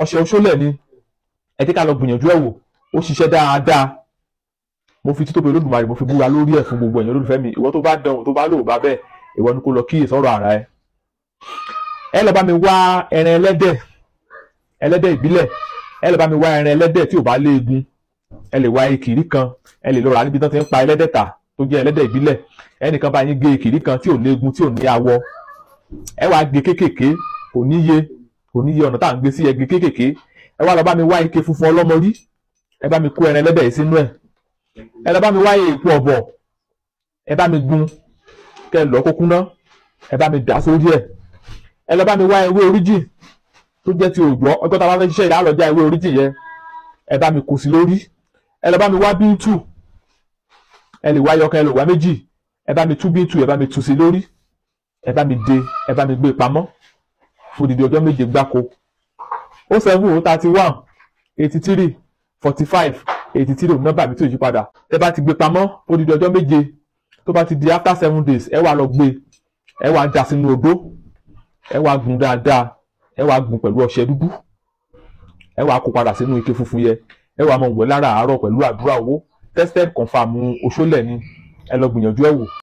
ọṣẹ oṣólẹ̀ ni ẹ jẹ́ ká lọ gbìyànjú ẹ̀ wò ó ṣiṣẹ́ dáadáa mo fi títóbi olódùmarè mo fi búra lórí ẹ̀ fún gbogbo ẹ̀yàn olólùfẹ́ mi ìwọ tó bá dán o tó bá lò ó bá bẹ́ẹ̀ ìwọ ni kó lọ kíyè sọ́rọ̀ ara ẹ. ẹ lọ bá mi wá ẹran ẹlẹ́dẹ̀ ẹlẹ́dẹ̀ ìbílẹ̀ ẹ lọ bá mi wá ẹran ẹlẹ́dẹ̀ tí ò bá léegun ẹ lè wá ekiri kan ẹ lè lọ níbi tán ti ń pa ẹlẹ́dẹ̀ tà tó jẹ́ ẹlẹ́dẹ̀ ìbílẹ̀ ẹnìkan bá yín gé ekiri kan tí ò léegun tí ò ní awọ ẹ wàá gé kéékèèké kò níye oníyẹ ọ̀nà tá à ń gbé sí ẹgbẹ́ kéékèèké ẹ wá lọ bá mi wá ike funfun ọlọ́mọ rí ẹ bá mi kó ẹran ẹlẹ́dẹ̀ yìí sínú ẹ̀ ẹ lọ bá mi wá èèpo ọ̀bọ̀ ẹ bá mi gun kẹ lọ kókúná ẹ bá mi dà sórí ẹ̀ ẹ lọ bá mi wá ewé oríjì tó jẹ́ ti òòjọ́ ọjọ́ tá a bá fẹ́ ṣiṣẹ́ ìdálọ́jà ewé oríjì yẹn ẹ bá mi kò sí lórí ẹ lọ bá mi wá bíntù ẹ lè wá yọkan ẹ lè wá méjì ẹ bá mi tú bíntù ẹ bá mi tù sí lórí ẹ bá mi de ẹ bá mi gbé pamọ́ odidi ọjọ́ méje gbáko o seven o oh thirty one eighty three forty five eighty three nọ́mbà mi tí ò yí padà ẹ bá ti gbé pamọ́ odidi ọjọ́ méje tó bá ti di after seven days ẹ wá lọ gbé ẹ wá dà sínú odó ẹ wá gùn dáadáa ẹ wá gùn pẹ̀lú ọṣẹ dúdú ẹ wá kó padà sínú ike funfun yẹ ẹ wá máa wẹ̀ lára àárọ̀ pẹ̀lú àdúrà owó tested confam oṣólẹ̀ ni ẹ lọ gbìyànjú ẹ wò.